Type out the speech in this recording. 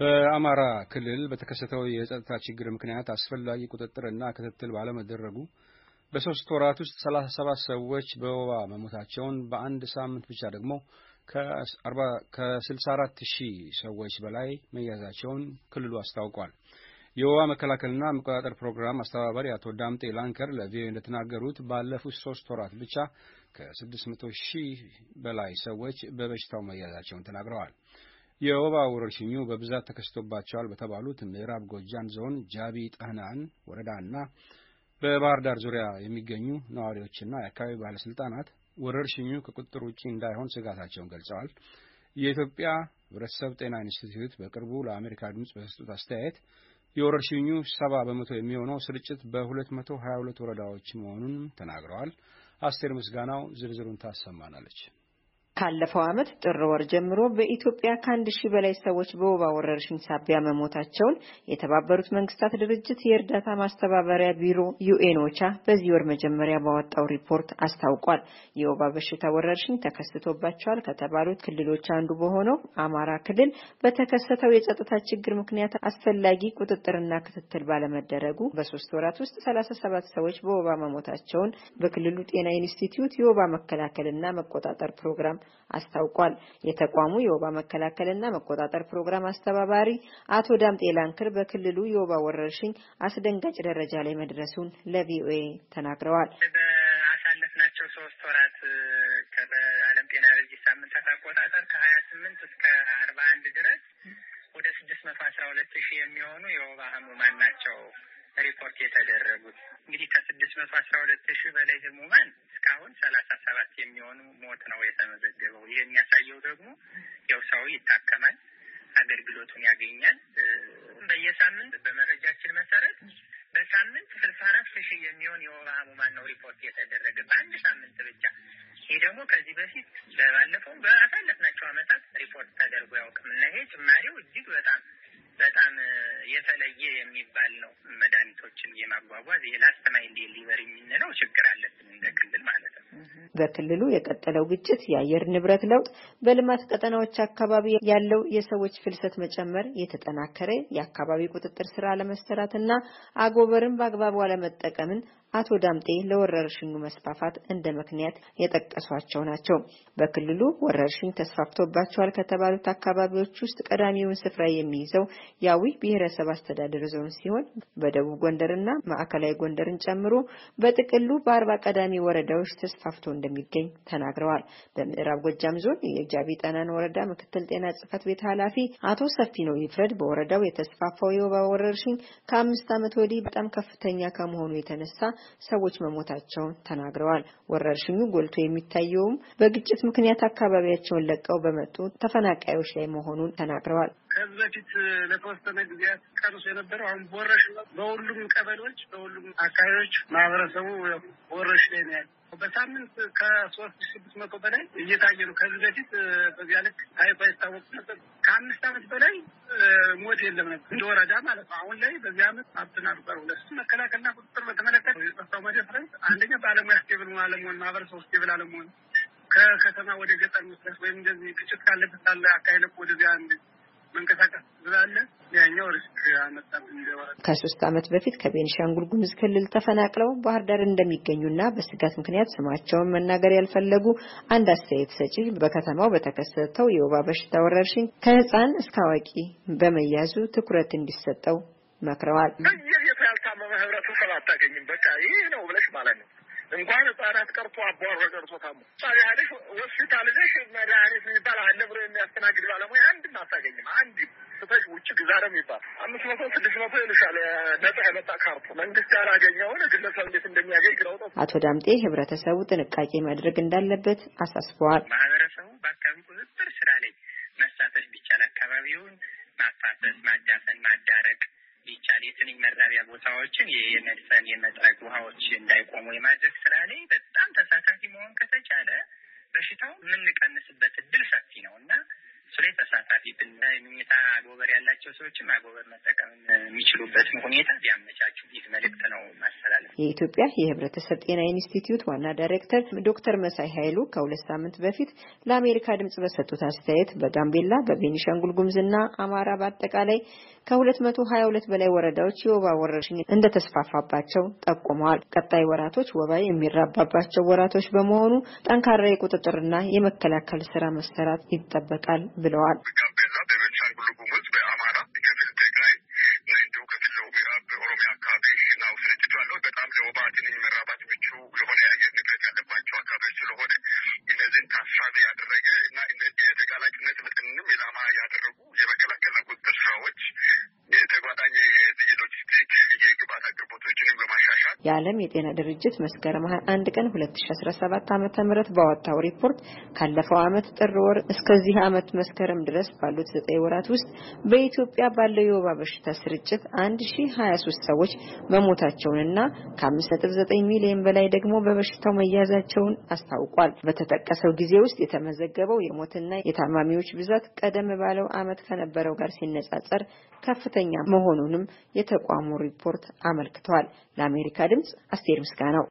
በአማራ ክልል በተከሰተው የጸጥታ ችግር ምክንያት አስፈላጊ ቁጥጥርና ክትትል ባለመደረጉ በሶስት ወራት ውስጥ 37 ሰዎች በወባ መሞታቸውን በአንድ ሳምንት ብቻ ደግሞ ከ 64 ሺህ ሰዎች በላይ መያዛቸውን ክልሉ አስታውቋል። የወባ መከላከልና መቆጣጠር ፕሮግራም አስተባባሪ አቶ ዳምጤ ላንከር ለቪኦኤ እንደተናገሩት ባለፉት ሶስት ወራት ብቻ ከ 600 ሺህ በላይ ሰዎች በበሽታው መያዛቸውን ተናግረዋል። የወባ ወረርሽኙ በብዛት ተከስቶባቸዋል በተባሉት ምዕራብ ጎጃም ዞን ጃቢ ጠህናን ወረዳና በባህር ዳር ዙሪያ የሚገኙ ነዋሪዎችና የአካባቢ ባለስልጣናት ወረርሽኙ ከቁጥጥር ውጭ እንዳይሆን ስጋታቸውን ገልጸዋል። የኢትዮጵያ ሕብረተሰብ ጤና ኢንስቲትዩት በቅርቡ ለአሜሪካ ድምፅ በሰጡት አስተያየት የወረርሽኙ ሰባ በመቶ የሚሆነው ስርጭት በ222 ወረዳዎች መሆኑንም ተናግረዋል። አስቴር ምስጋናው ዝርዝሩን ታሰማናለች። ካለፈው ዓመት ጥር ወር ጀምሮ በኢትዮጵያ ከአንድ ሺህ በላይ ሰዎች በወባ ወረርሽኝ ሳቢያ መሞታቸውን የተባበሩት መንግስታት ድርጅት የእርዳታ ማስተባበሪያ ቢሮ ዩኤን ኦቻ በዚህ ወር መጀመሪያ ባወጣው ሪፖርት አስታውቋል። የወባ በሽታ ወረርሽኝ ተከስቶባቸዋል ከተባሉት ክልሎች አንዱ በሆነው አማራ ክልል በተከሰተው የጸጥታ ችግር ምክንያት አስፈላጊ ቁጥጥርና ክትትል ባለመደረጉ በሶስት ወራት ውስጥ ሰላሳ ሰባት ሰዎች በወባ መሞታቸውን በክልሉ ጤና ኢንስቲትዩት የወባ መከላከልና መቆጣጠር ፕሮግራም አስታውቋል። የተቋሙ የወባ መከላከልና መቆጣጠር ፕሮግራም አስተባባሪ አቶ ዳምጤ ላንክር በክልሉ የወባ ወረርሽኝ አስደንጋጭ ደረጃ ላይ መድረሱን ለቪኦኤ ተናግረዋል። በአሳለፍናቸው ሶስት ወራት ከዓለም ጤና ድርጅት ሳምንታት አቆጣጠር ከሀያ ስምንት እስከ አርባ አንድ ድረስ ወደ ስድስት መቶ አስራ ሁለት ሺህ የሚሆኑ የወባ ህሙማን ናቸው ሪፖርት የተደረጉት እንግዲህ ከስድስት መቶ አስራ ሁለት ሺህ በላይ ህሙማን እስካሁን ሰላሳ ሰባት የሚሆኑ ሞት ነው የተመዘገበው። ይህ የሚያሳየው ደግሞ ያው ሰው ይታከማል፣ አገልግሎቱን ያገኛል። በየሳምንት በመረጃችን መሰረት በሳምንት ስልሳ አራት ሺህ የሚሆን የወባ ህሙማን ነው ሪፖርት የተደረገ በአንድ ሳምንት ብቻ። ይህ ደግሞ ከዚህ በፊት ባለፈው በአሳለፍናቸው አመታት ሪፖርት ተደርጎ ያውቅም እና ይሄ ጭማሪው እጅግ በጣም በጣም የተለየ የሚባል ነው። ሰዎችን የማጓጓዝ ይሄ ላስት ማይል ዴሊቨሪ የምንለው ችግር አለብን እንደ ክልል ማለት ነው። በክልሉ የቀጠለው ግጭት፣ የአየር ንብረት ለውጥ፣ በልማት ቀጠናዎች አካባቢ ያለው የሰዎች ፍልሰት መጨመር፣ የተጠናከረ የአካባቢ ቁጥጥር ስራ አለመሰራትና አጎበርን በአግባቡ አለመጠቀምን አቶ ዳምጤ ለወረርሽኙ መስፋፋት እንደ ምክንያት የጠቀሷቸው ናቸው። በክልሉ ወረርሽኝ ተስፋፍቶባቸዋል ከተባሉት አካባቢዎች ውስጥ ቀዳሚውን ስፍራ የሚይዘው የአዊ ብሔረሰብ አስተዳደር ዞን ሲሆን በደቡብ ጎንደርና ማዕከላዊ ጎንደርን ጨምሮ በጥቅሉ በአርባ ቀዳሚ ወረዳዎች ተስፋፍቶ እንደሚገኝ ተናግረዋል። በምዕራብ ጎጃም ዞን የጃቢ ጠናን ወረዳ ምክትል ጤና ጽህፈት ቤት ኃላፊ አቶ ሰፊ ነው ይፍረድ በወረዳው የተስፋፋው የወባ ወረርሽኝ ከአምስት ዓመት ወዲህ በጣም ከፍተኛ ከመሆኑ የተነሳ ሰዎች መሞታቸውን ተናግረዋል። ወረርሽኙ ጎልቶ የሚታየውም በግጭት ምክንያት አካባቢያቸውን ለቀው በመጡ ተፈናቃዮች ላይ መሆኑን ተናግረዋል። ከዚህ በፊት ለተወሰነ ጊዜያት ቀንሶ የነበረው አሁን በወረርሽኙ በሁሉም ቀበሌዎች፣ በሁሉም አካባቢዎች ማህበረሰቡ ወረርሽኝ ላይ ነው በሳምንት ከሶስት ስድስት መቶ በላይ እየታየ ነው። ከዚህ በፊት በዚያ ልክ ታይቶ አይታወቅ ነበር። ከአምስት አመት በላይ ሞት የለም ነበር እንደ ወረዳ ማለት ነው። አሁን ላይ በዚህ አመት ዓመት አብትናሉ በሁለቱ መከላከልና ቁጥጥር በተመለከተ የጠፋው መደፍረስ አንደኛ በአለሙያ ስቴብል አለመሆን፣ ማህበረሰቡ ስቴብል አለመሆን ከከተማ ወደ ገጠር መስረት ወይም እንደዚህ ግጭት ካለበት ካለ አካሄለ ወደዚያ መንቀሳቀስ ስላለ ያኛው ሪስክ አመጣብን። ከሶስት ዓመት በፊት ከቤንሻንጉል ጉሙዝ ክልል ተፈናቅለው ባህር ዳር እንደሚገኙና በስጋት ምክንያት ስማቸውን መናገር ያልፈለጉ አንድ አስተያየት ሰጪ በከተማው በተከሰተው የወባ በሽታ ወረርሽኝ ከህፃን እስከ አዋቂ በመያዙ ትኩረት እንዲሰጠው መክረዋል። በየቤቱ ያልታመመ ህብረተሰብ አታገኝም። በቃ ይህ ነው ብለሽ ማለት ነው እንኳን ህጻናት ቀርቶ አቧሮ ቀርቶ ታሞ ጻ ያለሽ ሆስፒታል ነሽ መድኃኒት የሚባል አለ ብሎ የሚያስተናግድ ባለሙያ አታገኝም። አንድ ስተሽ ውጭ ግዛ ነው የሚባል አምስት መቶ ስድስት መቶ ይልሻል። ነጻ የመጣ ካርቱ መንግስት ያላገኘውን ግለሰብ እንዴት እንደሚያገኝ ግራ አቶ ዳምጤ ህብረተሰቡ ጥንቃቄ ማድረግ እንዳለበት አሳስበዋል። ማህበረሰቡ በአካባቢ ቁጥጥር ስራ ላይ መሳተፍ ቢቻል አካባቢውን ማፋሰስ፣ ማዳፈን፣ ማዳረቅ ቢቻል የትንኝ መራቢያ ቦታዎችን የመድፈን የመጥረግ ውሃዎች እንዳይቆሙ የማድረግ ስራ ላይ አጎበር መጠቀም የሚችሉበትን ሁኔታ ቢያመቻቹ ይህ መልእክት ነው ማስተላለፍ። የኢትዮጵያ የህብረተሰብ ጤና ኢንስቲትዩት ዋና ዳይሬክተር ዶክተር መሳይ ኃይሉ ከሁለት ሳምንት በፊት ለአሜሪካ ድምጽ በሰጡት አስተያየት በጋምቤላ፣ በቤኒሻንጉል ጉምዝና አማራ በአጠቃላይ ከሁለት መቶ ሀያ ሁለት በላይ ወረዳዎች የወባ ወረርሽኝ እንደተስፋፋባቸው ጠቁመዋል። ቀጣይ ወራቶች ወባ የሚራባባቸው ወራቶች በመሆኑ ጠንካራ የቁጥጥርና የመከላከል ስራ መሰራት ይጠበቃል ብለዋል። ጋምቤላ፣ ቤኒሻንጉል ጉምዝ የዓለም የጤና ድርጅት መስከረም 21 ቀን 2017 ዓ.ም ምህረት ባወጣው ሪፖርት ካለፈው ዓመት ጥር ወር እስከዚህ ዓመት መስከረም ድረስ ባሉት 9 ወራት ውስጥ በኢትዮጵያ ባለው የወባ በሽታ ስርጭት 1023 ሰዎች መሞታቸውንና ከ5.9 ሚሊዮን በላይ ደግሞ በበሽታው መያዛቸውን አስታውቋል። በተጠቀሰው ጊዜ ውስጥ የተመዘገበው የሞትና የታማሚዎች ብዛት ቀደም ባለው ዓመት ከነበረው ጋር ሲነጻጸር ከፍተኛ መሆኑንም የተቋሙ ሪፖርት አመልክቷል። ለአሜሪካ ድምፅ አስቴር ምስጋናው